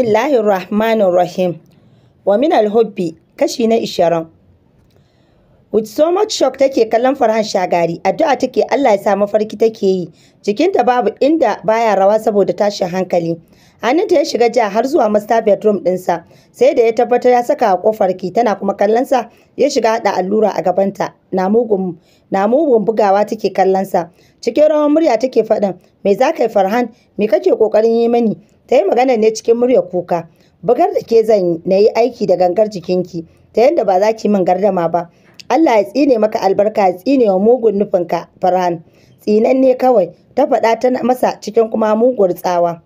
Bismillahir Rahmanir Rahim. Wa min al-hubbi kashi na 20. With so much shock take kallon Farhan Shagari, addu'a take Allah ya sa mafarki take yi. Jikinta babu inda baya rawa saboda tashin hankali. Hannunta ya shiga ja har zuwa master bedroom ɗinsa, sai da ya tabbatar ya saka kofarki kofar ki tana kuma kallon sa ya shiga haɗa allura a gabanta. Na mugun na mugun bugawa take kallonsa. Cikin rawar murya take faɗin, "Me za ka yi Farhan? Me kake ƙoƙarin yi mani?" ta yi magana ne cikin muryar kuka bugar da ke zan na yi aiki da gangar jikinki ta yadda ba za ki min gardama ba Allah ya tsine maka albarka ya tsine wa mugun nufinka Farhan tsinan ne kawai ta faɗa ta masa cikin kuma mugur tsawa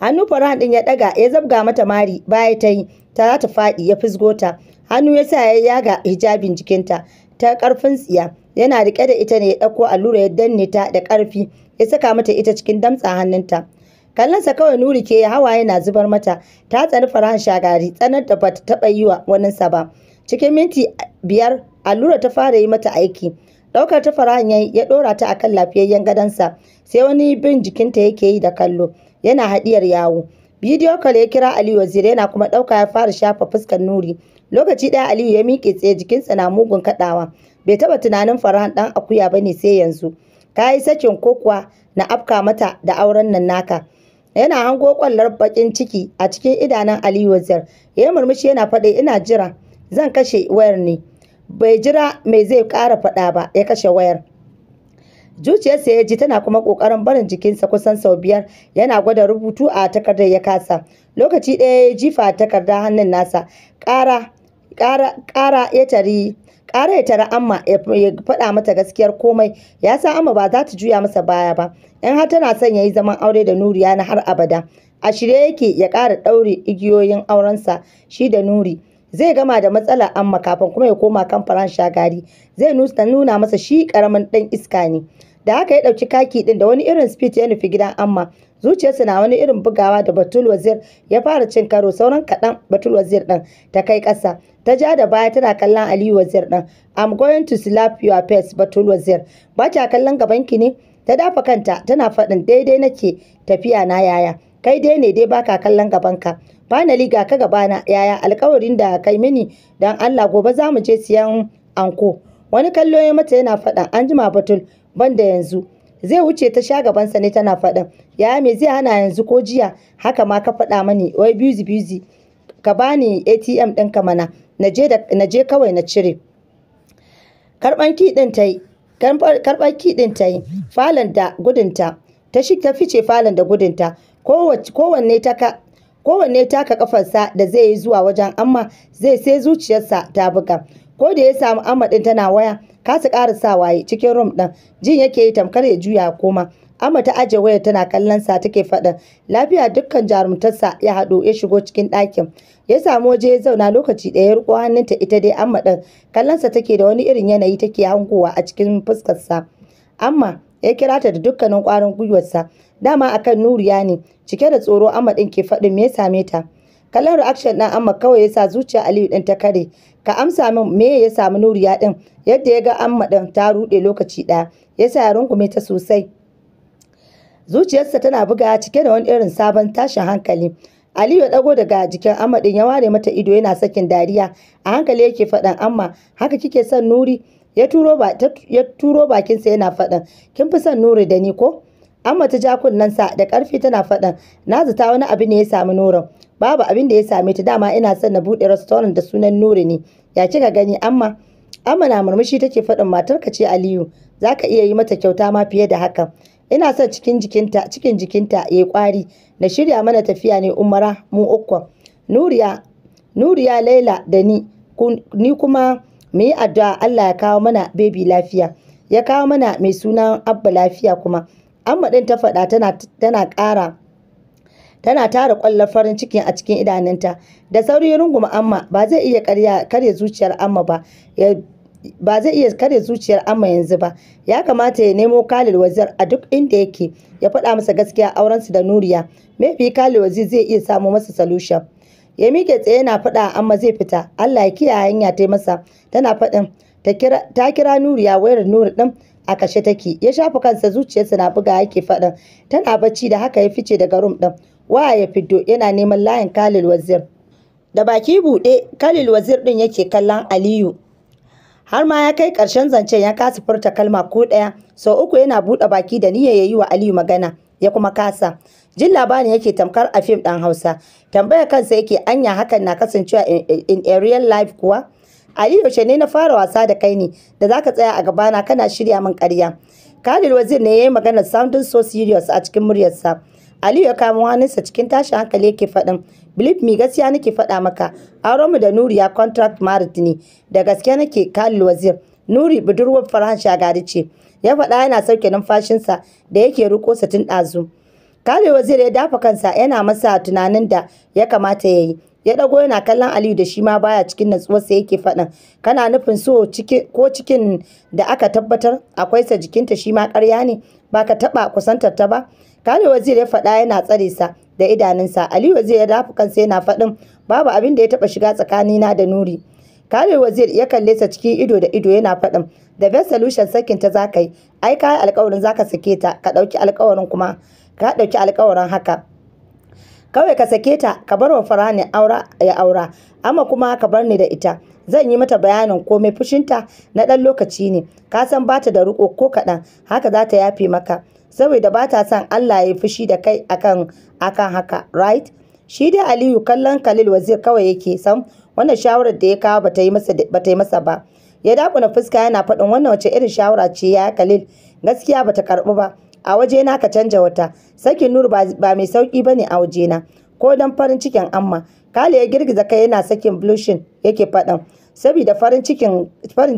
hannu Farhan din ya ɗaga, ya zabga mata mari baya ta yi ta za ta faɗi ya fisgota hannu ya sa ya yaga hijabin jikinta ta karfin tsiya yana riƙe da ita ne ya ɗauko allura ya danne ta da ƙarfi ya saka mata ita cikin damtsa hannunta kallonsa kawai nuri ke hawaye na zubar mata ta tsani farahan shagari tsanar da bata taba yi wa waninsa ba cikin minti biyar allura ta fara yi mata aiki ɗaukar ta farahan ya ya dora ta akan lafiyayyen gadonsa sai wani bin jikinta yake yi da kallo yana haɗiyar yawo bidiyo kal ya kira aliyu waziri yana kuma ɗauka ya fara shafa fuskar nuri lokaci ɗaya aliyu ya miƙe tsaye jikinsa na mugun kaɗawa bai taɓa tunanin farahan ɗan akuya ba ne sai yanzu ka sakin ko na afka mata da auren nan naka yana hango kwallar bakin ciki a cikin idanun Aliyu Wazir ya murmushi yana faɗi ina jira zan kashe wayar ne bai jira mai zai ƙara faɗa ba ya kashe wayar zuciyarsa ya ji tana kuma ƙoƙarin barin jikinsa kusan sau biyar yana gwada rubutu a takardar ya kasa lokaci ɗaya ya jifa takardar hannun nasa ƙara ƙara ya tari kara ya tara amma ya faɗa mata gaskiyar komai ya san amma ba za ta juya masa baya ba in har tana son ya yi zaman aure da nuriya na har abada a shirye yake ya ƙara ɗaure igiyoyin aurensa shi da nuri zai gama da matsalar amma kafin kuma ya koma kan faran shagari zai nuna masa shi ƙaramin ɗan iska ne da haka ya ɗauki kaki ɗin da wani irin speed ya nufi gidan amma zuciyarsa na wani irin bugawa da batul wazir ya fara cin karo sauran kaɗan batul wazir ɗin ta kai ƙasa ta ja da baya tana kallon aliyu wazir ɗin i'm going to slap your face batul wazir ba ta kallon gabanki ne ta dafa kanta tana faɗin daidai nake tafiya na yaya kai dai ne dai baka kallon gabanka finally ga ka gabana yaya alkawarin da kai mini dan Allah gobe za mu je siyan anko wani kallo ya mata yana faɗa an jima batul ban da yanzu zai wuce ta sha gabansa ne tana faɗin ya me zai hana yanzu ko jiya haka ma ka faɗa mani wai busy busy ka bani atm ɗinka mana na je kawai na cire karɓan ki ɗin ta yi karɓar kiɗin ta yi falon da gudunta ta shi ta fice falon da gudunta kowanne ta ka kowanne taka kafarsa da zai yi zuwa wajen amma zai sai zuciyarsa ta buga ko da ya samu amma ɗin tana waya kasa sa waye cikin rum ɗin jin yake yi tamkar ya juya koma amma ta aje wayar tana kallon sa take faɗin lafiya dukkan jarumtarsa ya haɗo ya shigo cikin ɗakin ya samu waje ya zauna lokaci ɗaya ya riko hannunta ita dai amma ɗin kallon sa take da wani irin yanayi take hangowa a cikin fuskar sa amma ya kira ta da dukkanin ƙwarin gwiwarsa dama akan nuriya ne cike da tsoro amma ɗin ke faɗin me ya same ta kallon reaction ɗin amma kawai yasa zuciya aliyu ɗin ta kare ka amsa min me ya samu nuriya ɗin yadda ya ga amma ɗin ta ruɗe lokaci ɗaya yasa ya rungume ta sosai zuciyarsa tana buga cike da wani irin sabon tashin hankali Aliyu ya dago daga jikin Amma ɗin ya ware mata ido yana sakin dariya a hankali yake faɗan Amma haka kike son Nuri ya turo bakinsa yana faɗan kin fi son Nuri da ni ko Amma ta ja kunnensa da ƙarfi tana faɗan na zata wani abu ne ya samu Nurin babu abin da ya same ta dama ina son na buɗe restaurant da sunan Nuri ne ya kika gani amma amma na murmushi take faɗin ka ce Aliyu zaka iya yi mata kyauta ma fiye da haka ina son cikin jikinta cikin jikinta yayi kwari na shirya mana tafiya ne umara mu ukwa Nuriya Nuriya Laila da ni ni kuma mu yi addu'a Allah ya kawo mana baby lafiya ya kawo mana mai suna Abba lafiya kuma amma din ta faɗa tana tana ƙara tana tara kwallon farin ciki a cikin idanunta da sauri runguma amma ba zai iya karya zuciyar amma ba ba zai iya kare zuciyar amma yanzu ba ya kamata ya nemo Khalil Wazir a duk inda yake ya faɗa masa gaskiya auren su da Nuriya maybe Khalil Wazir zai iya samu masa solution ya mike tsaye na faɗa amma zai fita Allah ya kiyaye hanya ta masa tana faɗin ta kira Nuriya wayar Nuri ɗin a kashe take ya shafa kansa zuciyarsa na buga yake faɗin tana bacci da haka ya fice daga rum ɗin waya ya fito yana neman layin Kalil Wazir. Da baki buɗe Kalil Wazir ɗin yake kallon Aliyu. Har ma ya kai ƙarshen zancen ya kasa furta kalma ko ɗaya sau uku yana buɗe baki da niyya ya yi wa Aliyu magana ya kuma kasa. Jin labarin yake tamkar a fim ɗan Hausa. Tambaya kansa yake anya hakan na kasancewa in a real life kuwa. Ali yaushe ne na fara wasa da kai ne da zaka tsaya a gabana kana shirya min ƙarya. Kalil Wazir ne ya yi maganar sounding so serious a cikin muryarsa. Aliyu ya kamo hannunsa cikin tashin hankali yake faɗin. Believe me gaskiya nake faɗa maka. Auren mu da ya contract marriage ne. Da gaske nake kalil Wazir. Nuri budurwar Farhan Shagari ce. Ya faɗa yana sauke numfashinsa da yake riko sa tun ɗazu. kalil Wazir ya dafa kansa yana masa tunanin da ya kamata ya yi. Ya ɗago yana kallon Aliyu da shi ma baya cikin natsuwar sa yake faɗin. Kana nufin so ko cikin da aka tabbatar akwai sa jikinta shi ma ƙarya ne ba ka taɓa kusantar ta ba. kare Wazir ya faɗa yana tsare sa da idanunsa. Ali Wazir ya dafa kansa yana faɗin babu abin da ya taɓa shiga tsakanina da Nuri. kare Wazir ya kalle sa cikin ido da ido yana faɗin da best solution sakin ta zaka yi ai ka yi alƙawarin zaka sake ta ka ɗauki alƙawarin kuma ka ɗauki alƙawarin haka kawai ka sake ta ka bar wa Farani aura ya aura amma kuma ka bar ni da ita zan yi mata bayanin komai fushinta na ɗan lokaci ne ka san bata da riƙo ko kaɗan haka za ta yafe maka saboda ba ta son Allah ya fushi da kai akan akan haka right shi dai Aliyu kallon Khalil Wazir kawai yake san wannan shawarar da ya kawo bata yi masa bata yi masa ba ya dakuna fuska yana faɗin wannan wace irin shawara ce ya Khalil gaskiya bata karɓi ba a waje na ka canja wata sakin nur ba ba mai sauki bane a waje na ko dan farin cikin amma Kale ya girgiza kai yana sakin blushin yake faɗan saboda farin cikin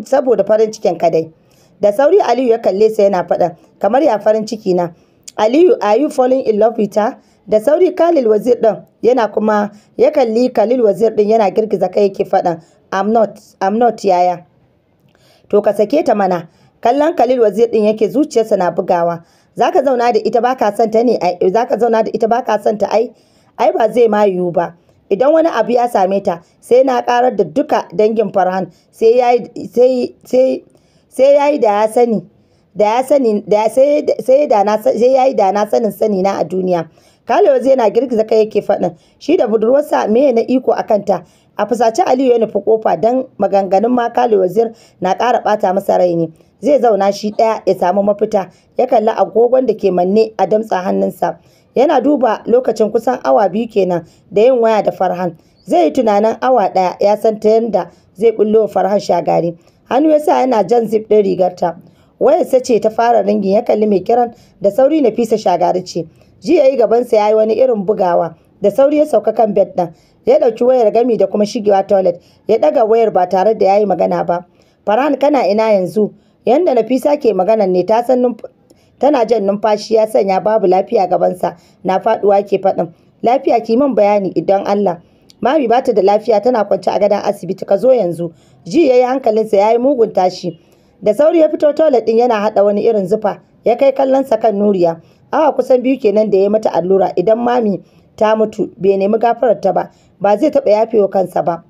saboda farin cikin kadai da sauri aliyu ya kalle sa yana faɗa kamar ya farin ciki na aliyu are you falling in love with her da sauri khalil wazir din yana kuma ya kalli khalil wazir din yana girgiza kai yake faɗa i'm not i'm not yaya to ka sake ta mana kallon khalil wazir din yake zuciyarsa na bugawa zaka zauna da ita baka son ta ne ai zaka zauna da ita baka son ai ai ba zai ma yiwu ba idan wani abu ya same ta sai na karar da duka dangin farhan sai sai sai sai yayi da ya sani da ya sani da sai da na sai yi da na sanin sani na a duniya wazi na girgiza kai yake faɗin shi da budurwarsa me na iko a kanta a fusace Aliyu ya nufi kofa don maganganun ma wazir na ƙara ɓata masa rai ne zai zauna shi ɗaya ya samu mafita ya kalli agogon da ke manne a damtsa hannunsa yana duba lokacin kusan awa biyu kenan da yin waya da Farhan zai yi tunanin awa ɗaya ya san ta yanda zai bullo Farhan shagari hannu ya sa yana jan zip ɗin rigarta wayarsa ce ta fara ringin ya kalli mai kiran da sauri na fisa shagari ce ji ya yi gabansa ya yi wani irin bugawa da sauri ya sauka kan bed ɗin ya ɗauki wayar gami da kuma shigewa toilet ya ɗaga wayar ba tare da ya yi magana ba farhan kana ina yanzu yanda nafisa ke magana ne ta san tana jan numfashi ya sanya babu lafiya gabansa na faɗuwa ke faɗin lafiya ki min bayani idan allah mami bata da lafiya tana kwance a gadon asibiti ka zo yanzu ji yayi hankalinsa ya yi mugun tashi da sauri ya fito toilet din yana hada wani irin zufa ya kai kallon sa kan nuriya awa kusan biyu kenan da ya mata allura idan mami ta mutu bai nemi gafarar ta ba ba zai taɓa yafewa kansa ba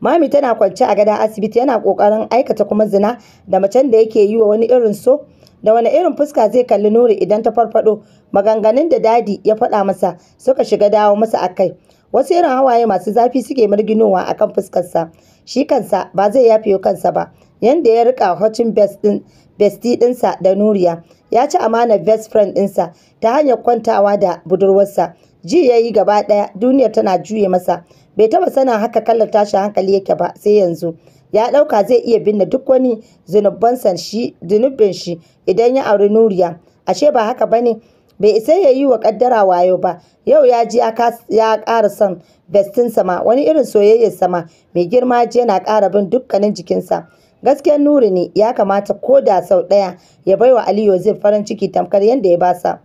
mami tana kwance a gadon asibiti yana kokarin aikata kuma zina da macen da yake yi wa wani irin so da wani irin fuska zai kalli nuri idan ta farfado maganganun da dadi ya faɗa masa suka shiga dawo masa akai wasu irin hawaye masu zafi suke marginowa a kan fuskarsa shi kansa ba zai yafe kansa ba Yadda ya rika hocin besti dinsa da nuriya ya ci amana best friend dinsa. ta hanyar kwantawa da budurwarsa ji ya yi gaba ɗaya duniyar tana juye masa bai taɓa sanin haka kallar tashin hankali yake ba sai yanzu ya ɗauka zai iya binne duk wani zunubin shi idan ya auri nuriya ashe ba haka bane bai isa ya yi wa kaddara wayo ba yau ya ji ya ƙara son bestin sama wani irin soyayyar sama mai girma ji yana ƙara bin dukkanin jikinsa gaskiyar nuri ne ya kamata ko da sau ɗaya ya bai wa aliyu zai farin ciki tamkar yadda ya basa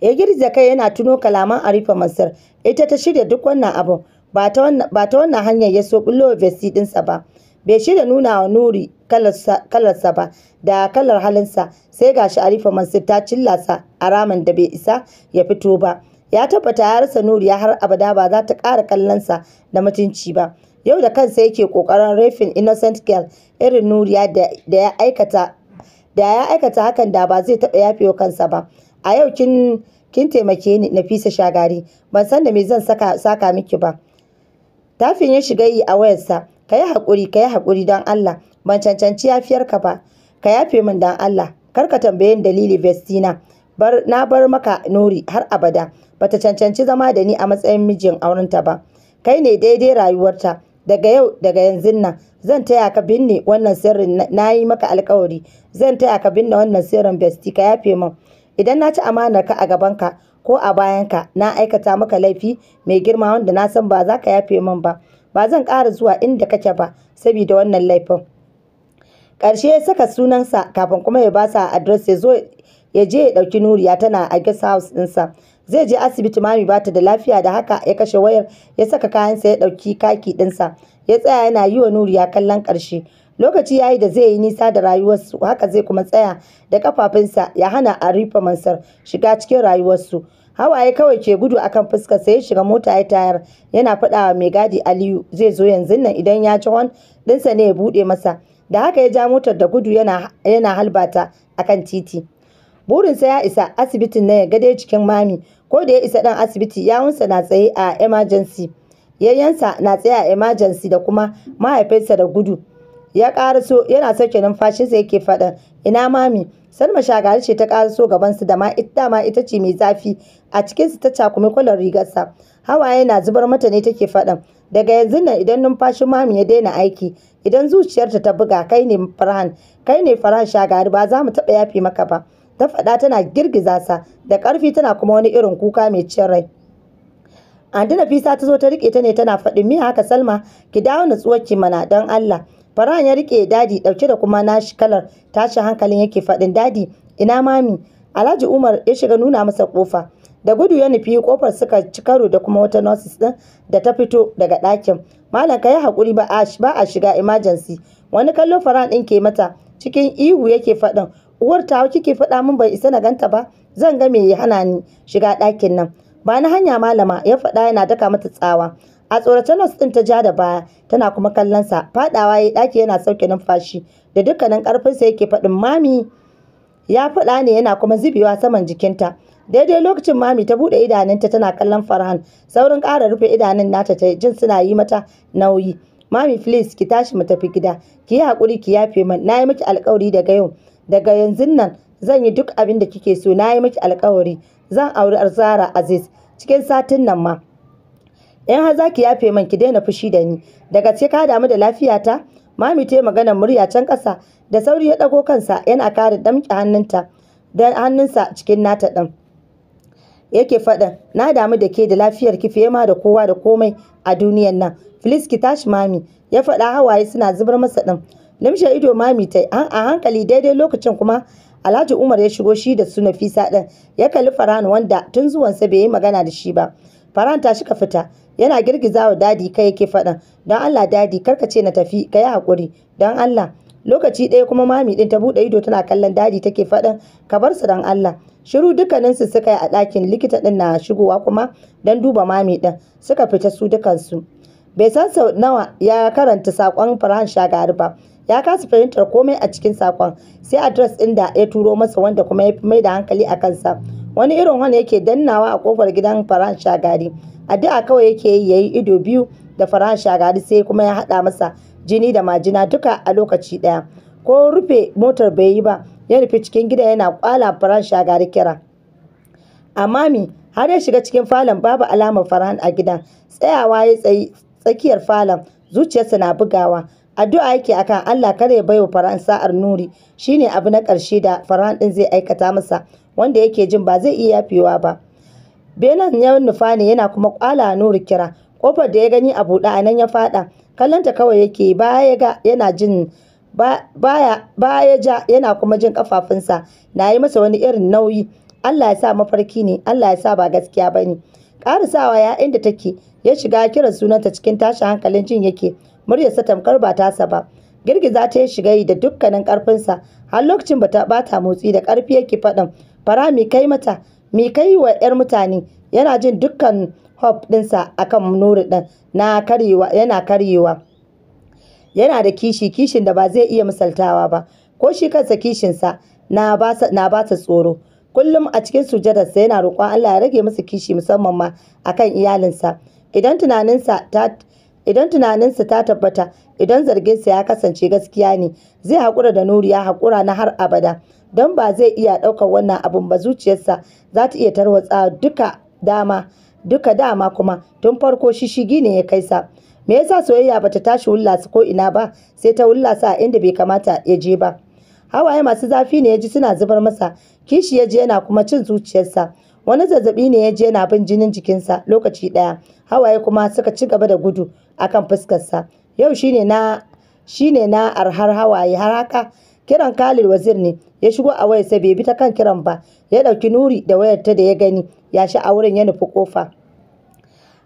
ya girza kai yana tuno kalaman arifa masar ita ta shirya duk wannan abu. ba ta wannan hanyar ya so bullo vesti ɗinsa ba bai shirya nuna wa nuri kalarsa ba da kalar halinsa sai ga shi arifa mansur ta cillasa a ramin da bai isa ya fito ba ya tabbata ya rasa nuriya har abada ba za ta ƙara kallonsa da mutunci ba yau da kansa yake ƙoƙarin rafin innocent girl irin nuriya da ya aikata hakan da ba zai taɓa wa kansa ba a yau kin taimake ni nafisa shagari ban san da me zan saka saka miki ba tafin ya shiga yi a wayarsa ka yi haƙuri ka yi haƙuri don Allah ban cancanci yafiyarka ba ka yafe min don Allah kar ka tambaye ni dalili Vestina bar na bar maka nuri har abada bata cancanci zama da ni a matsayin mijin aurenta ba kai ne daidai rayuwarta daga yau daga yanzu nan zan taya ka binne wannan sirrin na yi maka alkawari zan taya ka binne wannan sirrin besti ka yafe min idan na ci amanar ka a gaban ka ko a bayan ka na aikata maka laifi mai girma wanda na san ba za ka yafe min ba ba zan ƙara zuwa inda kake ba saboda wannan laifin ƙarshe ya saka sunansa kafin kuma ya ba sa adres ya zo ya je ya ɗauki nuriya tana a guest house ɗinsa zai je asibiti mami bata da lafiya da haka ya kashe wayar ya saka kayansa ya ɗauki kaki ɗinsa ya tsaya yana yi wa nuriya kallon ƙarshe lokaci yayi da zai yi nisa da rayuwarsu haka zai kuma tsaya da kafafunsa ya hana rufe mansar shiga cikin rayuwarsu hawaye kawai ke gudu akan fuska sai ya shiga mota ya tayar yana faɗa wa mai gadi aliyu zai zo yanzu nan idan ya ci hon ɗinsa ne ya buɗe masa da haka ya ja motar da gudu yana, yana halbata akan titi burinsa ya isa asibitin na yaga gade cikin mami ko da ya isa ɗan asibiti yawunsa na tsaye a emergency yayyansa na tsaye a emergency da kuma mahaifinsa da gudu ya so yana sauke numfashinsa yake faɗa ina mami Salma shagari ce ta gaban gabansu da ma ita ma ita ce mai zafi a cikinsu ta cakumi kwalar rigarsa. Hawaye na zubar mata ne take faɗan. Daga yanzu nan idan numfashin mami ya daina aiki, idan zuciyarta ta buga kai ne Farhan, kai ne Farhan shagari ba za mu taɓa yafe maka ba. Ta faɗa tana girgiza sa da ƙarfi tana kuma wani irin kuka mai cin rai. andi Nafisa ta zo ta riƙe ta ne tana faɗin miya haka Salma ki dawo natsuwarki mana don Allah. Faran ya rike dadi dauke da kuma nashi kalar tashi hankalin yake faɗin dadi ina mami Alhaji Umar ya shiga nuna masa kofa da gudu ya nufi kofar suka ci karo da kuma wata nurses din da ta fito daga ɗakin malam kai hakuri ba a shiga emergency wani kallo Faran din ke mata cikin ihu yake faɗin uwar tawa kike faɗa min bai isa na ganta ba zan ga me ya hana ni shiga ɗakin nan ba na hanya malama ya faɗa yana daka mata tsawa a tsorace nas ɗin ta ja da baya tana kuma kallon sa fadawa yayi daki yana sauke numfashi da dukkanin karfin sa yake faɗin mami ya faɗa ne yana kuma zubewa saman jikinta daidai lokacin mami ta bude idanunta tana kallon farhan saurin ƙara rufe idanun nata ta jin suna yi mata nauyi mami please ki tashi mu tafi gida ki yi hakuri ki yafe min na yi miki alkawari daga yau daga yanzu nan zan yi duk abin da kike so na yi miki alƙawari. zan auri arzara aziz cikin satin nan ma in har za ki yafe man ki daina fushi da ni da gaske ka damu da lafiyata mami ta maganar murya can ƙasa da sauri ya ɗago kansa yana ƙara damƙe hannunta da hannunsa cikin nata ɗan yake faɗin na damu da ke da lafiyar ki fiye ma da kowa da komai a duniyan nan please ki tashi mami ya faɗa hawaye suna zubar masa ɗin limshe ido mami ta a hankali daidai lokacin kuma Alhaji Umar ya shigo shi da su Nafisa ɗin ya kalli Faran wanda tun zuwansa bai yi magana da shi ba. Faran ta shika ka fita yana girgiza wa dadi kai yake faɗan don Allah dadi ka ce na tafi ka yi haƙuri don Allah lokaci ɗaya kuma mami ɗin ta buɗe ido tana kallon dadi take faɗin ka bar su don Allah shiru dukkanin su suka yi a ɗakin likita ɗin na shigowa kuma don duba mami ɗin suka fita su dukansu bai san sau nawa ya karanta saƙon Farhan Shagari ba ya kasa fahimtar komai a cikin saƙon sai adres ɗin da ya turo masa wanda kuma ya fi mai da hankali a kansa wani irin wani yake dannawa a kofar gidan Faran Shagari addu'a kawai yake yi yayi ido biyu da Faran Shagari sai kuma ya haɗa masa jini da majina duka a lokaci ɗaya ko rufe motar bai yi ba ya rufe cikin gida yana kwala Faran Shagari kira amma mi har ya shiga cikin falon babu alamar Farhan a gidan tsayawa ya tsayi tsakiyar falon zuciyarsa na bugawa addu'a yake akan Allah kare baiwa faran sa'ar nuri shine abu na ƙarshe da Farhan din zai aikata masa wanda yake jin ba zai iya yafewa ba benan ya nufa ne yana kuma kwala nuru kira kofar da ya gani a buɗe a nan ya faɗa kallonta kawai yake baya ga yana jin baya baya ja yana kuma jin kafafunsa na yi masa wani irin nauyi Allah ya sa mafarki ne Allah ya sa ba gaskiya bane karisawa ya inda take ya shiga kira sunanta cikin tashin hankalin jin yake sa tamkar ba tasa ba girgiza ta ya shiga da dukkanin karfinsa har lokacin bata bata motsi da karfi yake faɗin fara mi kai mata mi kai wa 'yar mutane yana jin dukkan hop ɗinsa akan nuri din na karyewa yana karewa yana da kishi kishin da ba zai iya misaltawa ba ko shi kansa kishinsa na ba na ba ta tsoro kullum a cikin sujadarsa yana roƙon Allah ya rage masa kishi musamman ma akan iyalinsa idan tunaninsa ta idan tunaninsa ta tabbata idan zarginsa ya kasance gaskiya ne zai haƙura da nuri ya haƙura na har abada don ba zai iya ɗaukar wannan abun ba zuciyarsa za ta iya tarwatsa duka dama duka dama kuma tun farko shi shishigi ne ya kai sa me yasa soyayya bata tashi su ko ina ba sai ta wulla sa inda bai kamata ya je ba hawaye masu zafi ne ya ji suna zubar masa kishi ya je yana kuma cin zuciyarsa wani zazzabi ne ya je yana bin jinin jikinsa lokaci ɗaya hawaye kuma suka ci gaba da gudu akan fuskarsa yau shine na shine na arhar hawaye har haka kiran kalil Wazir ne ya shigo a wayarsa bai bi ta kan kiran ba ya dauki nuri da wayar ta da ya gani ya shi a wurin ya nufi kofa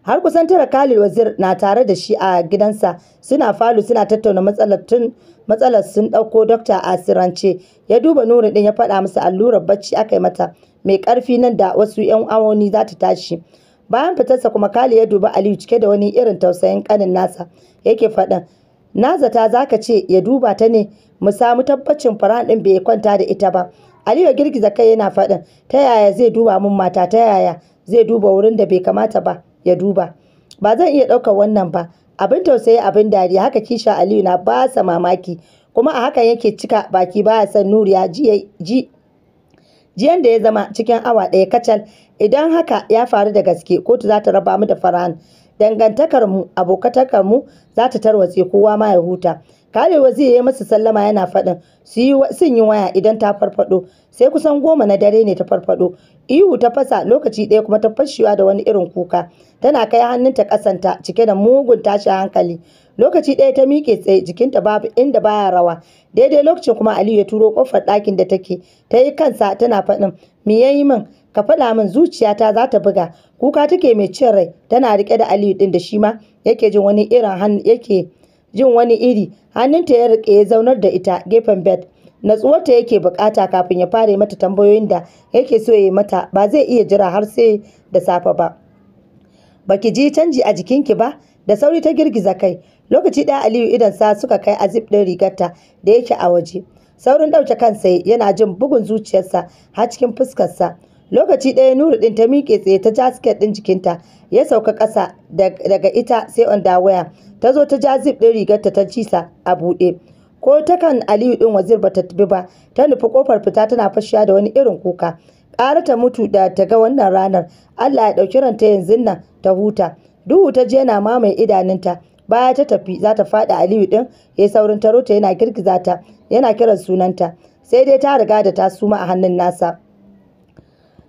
har kusan tara kalil Wazir na tare da shi a gidansa suna falo suna tattauna matsalar matsalar sun dauko dokta asirance ya duba nuri din ya faɗa masa allurar bacci aka yi mata mai karfi nan da wasu yan awoni za ta tashi bayan fitarsa kuma kali ya duba aliyu cike da wani irin tausayin kanin nasa yake faɗin na zata zaka ce ya duba ta ne mu samu tabbacin faran ɗin bai kwanta da ita ba aliyu girgiza kai yana faɗin ta yaya zai duba mun mata ta yaya zai duba wurin da bai kamata ba ya duba ba zan iya ɗaukar wannan ba abin tausayi abin dariya haka kisha aliyu na ba sa mamaki kuma a hakan yake cika baki baya son nuriya ji jiyan da ya zama cikin awa ɗaya kacal idan haka ya faru da gaske kotu za ta raba mu da faran dangantakar mu abokatakar mu za ta tarwatse kowa ma ya huta kare waziri ya masa sallama yana faɗin sun yi waya idan ta farfado sai kusan goma na dare ne ta farfado ihu ta fasa lokaci ɗaya kuma ta fashewa da wani irin kuka tana kai hannunta ƙasanta cike da mugun tashin hankali lokaci ɗaya ta miƙe tsaye jikinta babu inda baya rawa daidai lokacin kuma aliyu ya turo kofar ɗakin da take ta yi kansa tana faɗin me ya yi min ka faɗa min zuciyata za ta buga kuka take mai cin rai tana riƙe da aliyu ɗin da shi ma yake jin wani irin hannu yake jin wani iri hannunta ya riƙe ya zaunar da ita gefen bed natsuwarta yake bukata kafin ya fara mata tambayoyin da yake so ya yi mata ba zai iya jira har sai da safe ba baki ji canji a jikinki ba da sauri ta girgiza kai lokaci ɗaya aliyu idan sa suka kai azib ɗin rigarta da yake a waje saurin ɗauke kansa yana jin bugun zuciyarsa har cikin fuskarsa lokaci ɗaya nuru ɗin ta miƙe tsaye ta jasket ɗin jikinta ya sauka ƙasa daga ita sai on waya ta zo ta jazib ɗin rigarta ta cisa a buɗe ko ta kan aliyu ɗin wazir ba ta bi ba ta nufi ƙofar fita tana fashiya da wani irin kuka ƙara ta mutu da ta ga wannan ranar allah ya ɗauki ranta yanzu nan ta huta duhu ta je na mamaye idanunta baya ta tafi za ta faɗi aliyu ɗin ya saurin taro ta yana girgiza ta yana kiran sunanta sai dai ta riga da ta suma a hannun nasa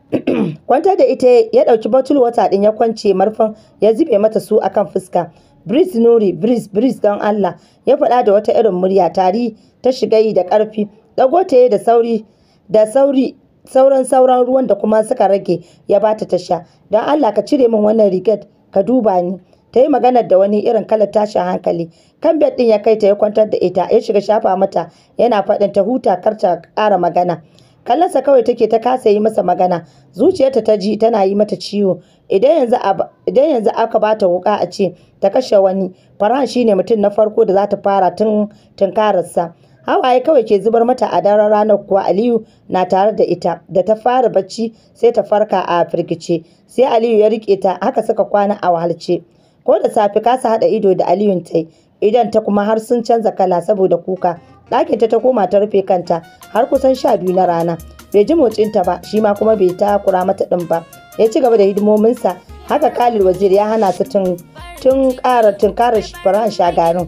Kwanta da ita ya ɗauki bottle water din ya kwance marfan ya zube mata su akan fuska Bris Nuri, Bris, Bris don Allah, ya faɗa da wata irin murya tari ta shiga yi da ƙarfi, ɗago ta da sauri, da sauri, sauran sauran ruwan da kuma suka rage ya bata ta sha. Don Allah ka cire min wannan rigar, ka duba ni. ta yi maganar da wani irin kalar tashin hankali kan bed ɗin ya kai ta ya kwantar da ita ya shiga shafa mata yana faɗin ta huta kar ta ƙara magana kallonsa kawai take ta kasa yi masa magana zuciyarta ta ji tana yi mata ciwo idan yanzu aka ba ta wuka a ce ta kashe wani farhan shine mutum na farko da za ta fara tun tunkararsa hawaye kawai ke zubar mata a daren ranar kuwa aliyu na tare da ita da ta fara bacci sai ta farka a firgice sai aliyu ya rike ta haka suka kwana a wahalce ko da safe kasa haɗa ido da aliyun tai idan ta kuma har sun canza kala saboda kuka ɗakin ta ta koma ta rufe kanta har kusan sha biyu na rana bai ji motsin ta ba shi ma kuma bai ta kura mata ɗin ba ya ci gaba da hidimominsa haka kalil wazir ya hana su tun tun ƙara tun ƙara faran shagarin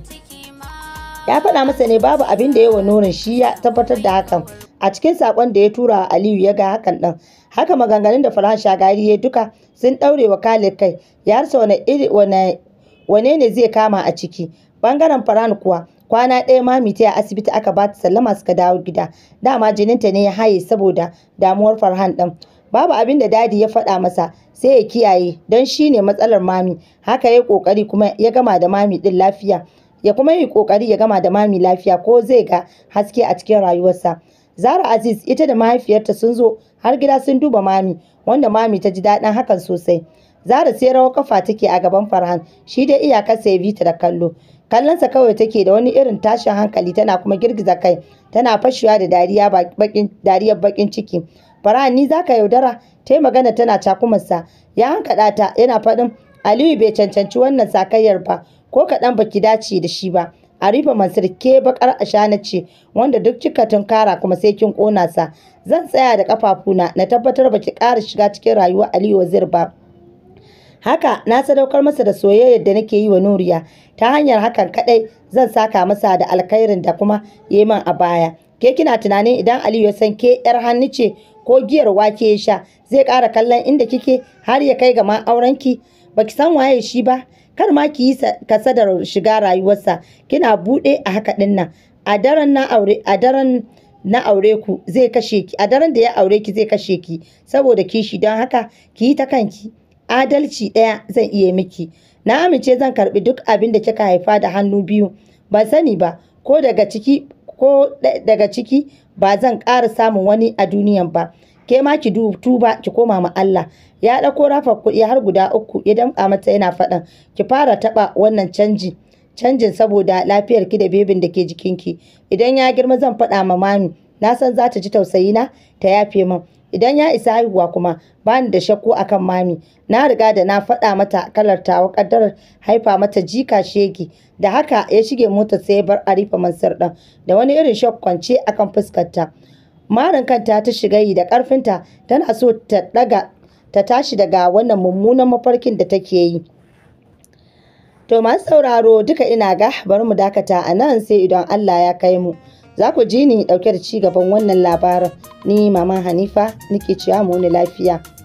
ya faɗa masa ne babu abin da yawa nurin shi ya tabbatar da hakan a cikin saƙon da ya tura aliyu ya ga hakan ɗin haka maganganun da faran shagari ya duka sun ɗaure wa Khalid kai ya rasa wane ne zai kama a ciki bangaren Faran kuwa kwana ɗaya mami ta asibiti aka ba ta sallama suka dawo gida dama jininta ne ya haye saboda damuwar Farhan ɗin babu abin da dadi ya faɗa masa sai ya kiyaye don shi ne matsalar mami haka ya ƙoƙari kuma ya gama da mami ɗin lafiya ya kuma yi ƙoƙari ya gama da mami lafiya ko zai ga haske a cikin rayuwarsa Zara Aziz ita da mahaifiyarta sun zo har gida sun duba mami wanda mami ta ji daɗin hakan sosai zara sai rawar kafa take a gaban farhan shi dai iyakar ya bita da kallo kallonsa kawai take da wani irin tashin hankali tana kuma girgiza kai tana fashewa da dariya bakin dariyar bakin ciki farhan ni zaka yaudara ta yi magana tana cakumarsa ya hankaɗa ta yana faɗin aliyu bai cancanci wannan sakayyar ba ko kaɗan baki dace da shi ba Arifa Mansur ke bakar ashana ce wanda duk kika kara kuma sai kin kona sa. Zan tsaya da kafafuna na tabbatar baki kara shiga cikin rayuwa Aliyu Wazir ba. Haka na sadaukar masa da soyayyar da nake yi wa Nuriya ta hanyar hakan kadai zan saka masa da alkhairin da kuma yi min a baya. Ke kina tunanin idan Aliyu ya san ke yar hannu ce ko giyar wake ya sha zai ƙara kallon inda kike har ya kai ga ma aurenki baki san waye shi ba kar ma ki yi kasadar shiga rayuwarsa kina bude a haka din nan a daren na aure a daren na aure ku zai kashe ki a daren da ya aure ki zai kashe ki saboda kishi don haka ki yi ta kanki adalci daya zan iya miki na amince zan karbi duk abin da kika haifa da hannu biyu ban sani ba ko daga ciki ko daga ciki ba zan ƙara samun wani a duniyan ba ke ma ki tuba ki koma ma Allah ya ɗauko rafa kuɗi har guda uku ya damƙa mata yana faɗan ki fara taɓa wannan canji canjin saboda lafiyar ki da bebin da ke jikinki idan ya girma zan faɗa ma mami na san za ta ji tausayi na ta yafe min idan ya isa haihuwa kuma bani ni da shakku akan mami na riga da na faɗa mata kalar tawa kaddar haifa mata jika shegi da haka ya shige mota sai bar arifa mansar ɗin da wani irin shak kwance akan fuskarta marin kanta ta shiga yi da karfinta tana so ta daga ta tashi daga wannan mummunan mafarkin da take yi to masu sauraro duka ina ga bari mu dakata a nan sai idan Allah ya kai mu za ku ji ni dauke da ci gaban wannan labarin ni mama Hanifa nake ciya mu lafiya